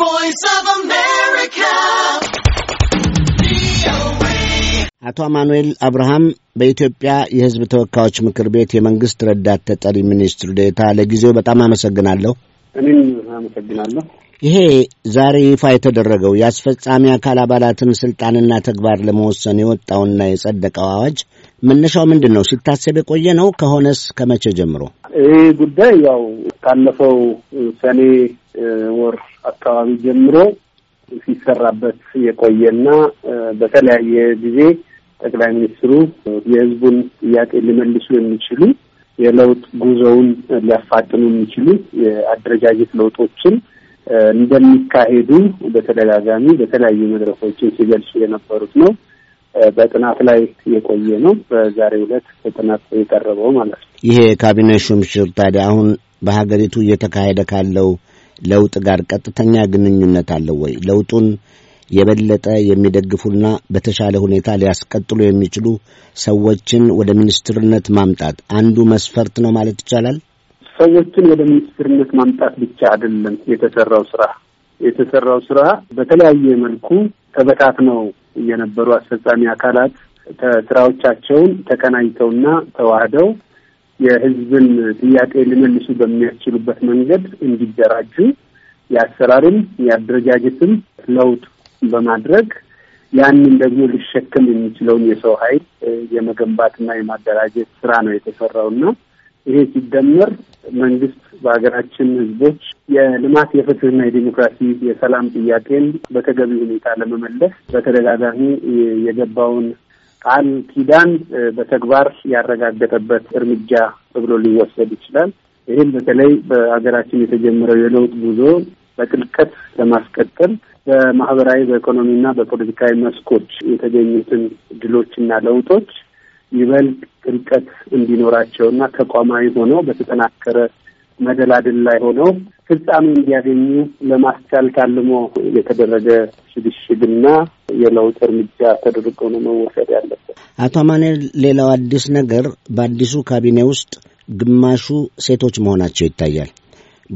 voice of America. አቶ አማኑኤል አብርሃም በኢትዮጵያ የሕዝብ ተወካዮች ምክር ቤት የመንግስት ረዳት ተጠሪ ሚኒስትር ዴታ፣ ለጊዜው በጣም አመሰግናለሁ። እኔም አመሰግናለሁ። ይሄ ዛሬ ይፋ የተደረገው የአስፈጻሚ አካል አባላትን ስልጣንና ተግባር ለመወሰን የወጣውና የጸደቀው አዋጅ መነሻው ምንድን ነው? ሲታሰብ የቆየ ነው? ከሆነስ ከመቼ ጀምሮ? ይህ ጉዳይ ያው ካለፈው ሰኔ ወር አካባቢ ጀምሮ ሲሰራበት የቆየና በተለያየ ጊዜ ጠቅላይ ሚኒስትሩ የሕዝቡን ጥያቄ ሊመልሱ የሚችሉ የለውጥ ጉዞውን ሊያፋጥኑ የሚችሉ የአደረጃጀት ለውጦችን እንደሚካሄዱ በተደጋጋሚ በተለያዩ መድረኮችን ሲገልጹ የነበሩት ነው። በጥናት ላይ የቆየ ነው። በዛሬው ዕለት በጥናት የቀረበው ማለት ነው። ይሄ የካቢኔ ሹምሽር ታዲያ አሁን በሀገሪቱ እየተካሄደ ካለው ለውጥ ጋር ቀጥተኛ ግንኙነት አለው ወይ? ለውጡን የበለጠ የሚደግፉና በተሻለ ሁኔታ ሊያስቀጥሉ የሚችሉ ሰዎችን ወደ ሚኒስትርነት ማምጣት አንዱ መስፈርት ነው ማለት ይቻላል። ሰዎችን ወደ ሚኒስትርነት ማምጣት ብቻ አይደለም የተሰራው ስራ የተሰራው ስራ በተለያየ መልኩ ተበታትነው የነበሩ አስፈጻሚ አካላት ስራዎቻቸውን ተቀናጅተውና ተዋህደው የህዝብን ጥያቄ ሊመልሱ በሚያስችሉበት መንገድ እንዲደራጁ የአሰራርም የአደረጃጀትም ለውጥ በማድረግ ያንን ደግሞ ሊሸከም የሚችለውን የሰው ኃይል የመገንባትና የማደራጀት ስራ ነው የተሰራውና ይሄ ሲደመር መንግስት በሀገራችን ህዝቦች የልማት የፍትህና የዲሞክራሲ የሰላም ጥያቄን በተገቢ ሁኔታ ለመመለስ በተደጋጋሚ የገባውን ቃል ኪዳን በተግባር ያረጋገጠበት እርምጃ ተብሎ ሊወሰድ ይችላል። ይህም በተለይ በሀገራችን የተጀመረው የለውጥ ጉዞ በጥልቀት ለማስቀጠል በማህበራዊ፣ በኢኮኖሚና በፖለቲካዊ መስኮች የተገኙትን ድሎችና ለውጦች ይበልጥ ጥልቀት እንዲኖራቸውና ተቋማዊ ሆነው በተጠናከረ መደላድል ላይ ሆነው ፍጻሜ እንዲያገኙ ለማስቻል ታልሞ የተደረገ ሽግሽግና የለውጥ እርምጃ ተደርጎ ነው መወሰድ ያለበት። አቶ አማኔል ሌላው አዲስ ነገር በአዲሱ ካቢኔ ውስጥ ግማሹ ሴቶች መሆናቸው ይታያል።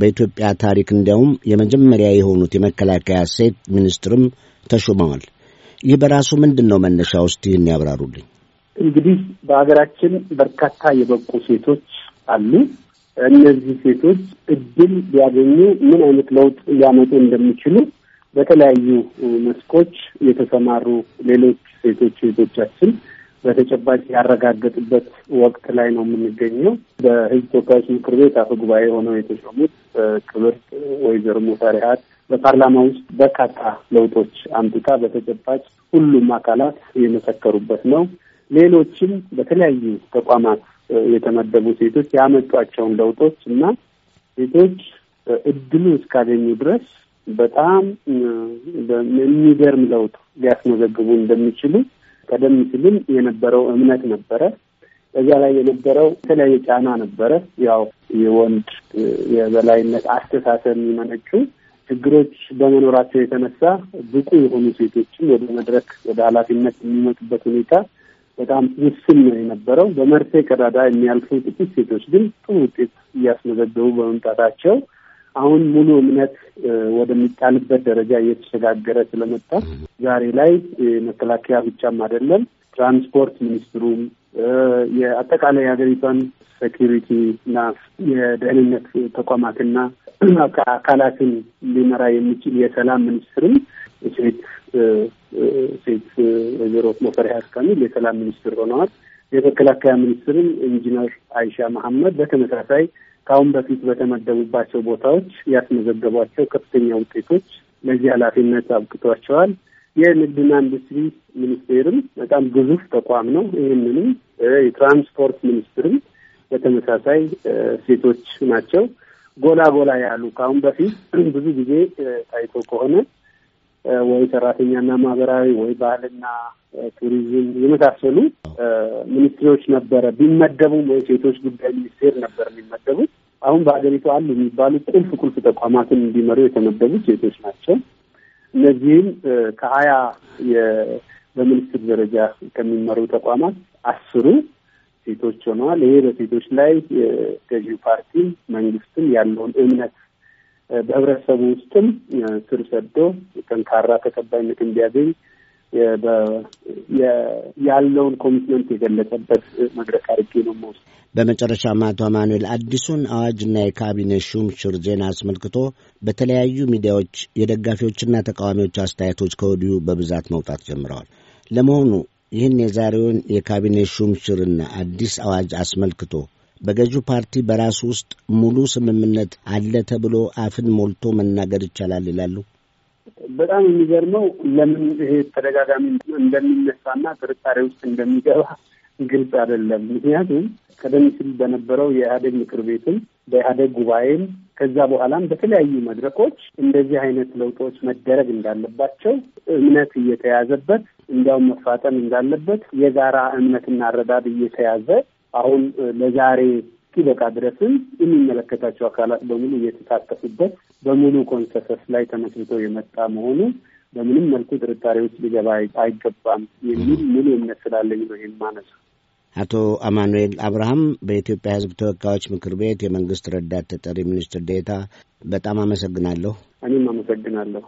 በኢትዮጵያ ታሪክ እንዲያውም የመጀመሪያ የሆኑት የመከላከያ ሴት ሚኒስትርም ተሹመዋል። ይህ በራሱ ምንድን ነው መነሻ ውስጥ ይህን ያብራሩልኝ። እንግዲህ በሀገራችን በርካታ የበቁ ሴቶች አሉ። እነዚህ ሴቶች እድል ሊያገኙ ምን አይነት ለውጥ ሊያመጡ እንደሚችሉ በተለያዩ መስኮች የተሰማሩ ሌሎች ሴቶች እህቶቻችን በተጨባጭ ያረጋገጡበት ወቅት ላይ ነው የምንገኘው። በሕዝብ ተወካዮች ምክር ቤት አፈ ጉባኤ ሆነው የተሾሙት ክብርት ወይዘሮ ሙፈሪሀት በፓርላማ ውስጥ በርካታ ለውጦች አምጥታ በተጨባጭ ሁሉም አካላት የመሰከሩበት ነው። ሌሎችም በተለያዩ ተቋማት የተመደቡ ሴቶች ያመጧቸውን ለውጦች እና ሴቶች እድሉ እስካገኙ ድረስ በጣም የሚገርም ለውጥ ሊያስመዘግቡ እንደሚችሉ ቀደም ሲልም የነበረው እምነት ነበረ። በዚያ ላይ የነበረው የተለያየ ጫና ነበረ። ያው የወንድ የበላይነት አስተሳሰብ የሚመነጩ ችግሮች በመኖራቸው የተነሳ ብቁ የሆኑ ሴቶችም ወደ መድረክ ወደ ኃላፊነት የሚመጡበት ሁኔታ በጣም ውስን ነው የነበረው። በመርፌ ቀዳዳ የሚያልፉ ጥቂት ሴቶች ግን ጥሩ ውጤት እያስመዘገቡ በመምጣታቸው አሁን ሙሉ እምነት ወደሚጣልበት ደረጃ እየተሸጋገረ ስለመጣ ዛሬ ላይ መከላከያ ብቻም አይደለም፣ ትራንስፖርት ሚኒስትሩም የአጠቃላይ የሀገሪቷን ሴኪሪቲ እና የደህንነት ተቋማትና አካላትን ሊመራ የሚችል የሰላም ሚኒስትርም ሴት ሴት ወይዘሮ ሙፈሪያት ካሚል የሰላም ሚኒስትር ሆነዋል። የመከላከያ ሚኒስትርም ኢንጂነር አይሻ መሐመድ በተመሳሳይ ከአሁን በፊት በተመደቡባቸው ቦታዎች ያስመዘገቧቸው ከፍተኛ ውጤቶች ለዚህ ኃላፊነት አብቅቷቸዋል። የንግድና ኢንዱስትሪ ሚኒስቴርም በጣም ግዙፍ ተቋም ነው። ይህንንም የትራንስፖርት ሚኒስትርም በተመሳሳይ ሴቶች ናቸው። ጎላ ጎላ ያሉ ከአሁን በፊት ብዙ ጊዜ ታይቶ ከሆነ ወይ ሰራተኛና ማህበራዊ ወይ ባህልና ቱሪዝም የመሳሰሉ ሚኒስትሪዎች ነበረ ቢመደቡም ወይ ሴቶች ጉዳይ ሚኒስቴር ነበር የሚመደቡት። አሁን በሀገሪቱ አሉ የሚባሉ ቁልፍ ቁልፍ ተቋማትን እንዲመሩ የተመደቡት ሴቶች ናቸው። እነዚህም ከሀያ በሚኒስትር ደረጃ ከሚመሩ ተቋማት አስሩ ሴቶች ሆነዋል። ይሄ በሴቶች ላይ ገዢው ፓርቲ መንግስትም ያለውን እምነት በህብረተሰቡ ውስጥም ስር ሰዶ ጠንካራ ተቀባይነት እንዲያገኝ ያለውን ኮሚትመንት የገለጸበት መድረክ አድርጌ ነው መውሰድ። በመጨረሻም አቶ አማኑኤል አዲሱን አዋጅና የካቢኔ ሹም ሽር ዜና አስመልክቶ በተለያዩ ሚዲያዎች የደጋፊዎችና ተቃዋሚዎች አስተያየቶች ከወዲሁ በብዛት መውጣት ጀምረዋል። ለመሆኑ ይህን የዛሬውን የካቢኔ ሹም ሽርና አዲስ አዋጅ አስመልክቶ በገዢው ፓርቲ በራሱ ውስጥ ሙሉ ስምምነት አለ ተብሎ አፍን ሞልቶ መናገር ይቻላል ይላሉ። በጣም የሚገርመው ለምን ይሄ ተደጋጋሚ እንደሚነሳና ጥርጣሬ ውስጥ እንደሚገባ ግልጽ አይደለም። ምክንያቱም ቀደም ሲል በነበረው የኢህአዴግ ምክር ቤትም በኢህአዴግ ጉባኤም ከዛ በኋላም በተለያዩ መድረኮች እንደዚህ አይነት ለውጦች መደረግ እንዳለባቸው እምነት እየተያዘበት እንዲያውም መፋጠን እንዳለበት የጋራ እምነትና አረዳድ እየተያዘ አሁን ለዛሬ እስኪበቃ ድረስም የሚመለከታቸው አካላት በሙሉ እየተሳተፉበት በሙሉ ኮንሰንሰስ ላይ ተመስርቶ የመጣ መሆኑ በምንም መልኩ ጥርጣሬ ውስጥ ሊገባ አይገባም የሚል ምን እምነት ነው ይህን አቶ አማኑኤል አብርሃም በኢትዮጵያ ሕዝብ ተወካዮች ምክር ቤት የመንግስት ረዳት ተጠሪ ሚኒስትር ዴታ፣ በጣም አመሰግናለሁ። እኔም አመሰግናለሁ።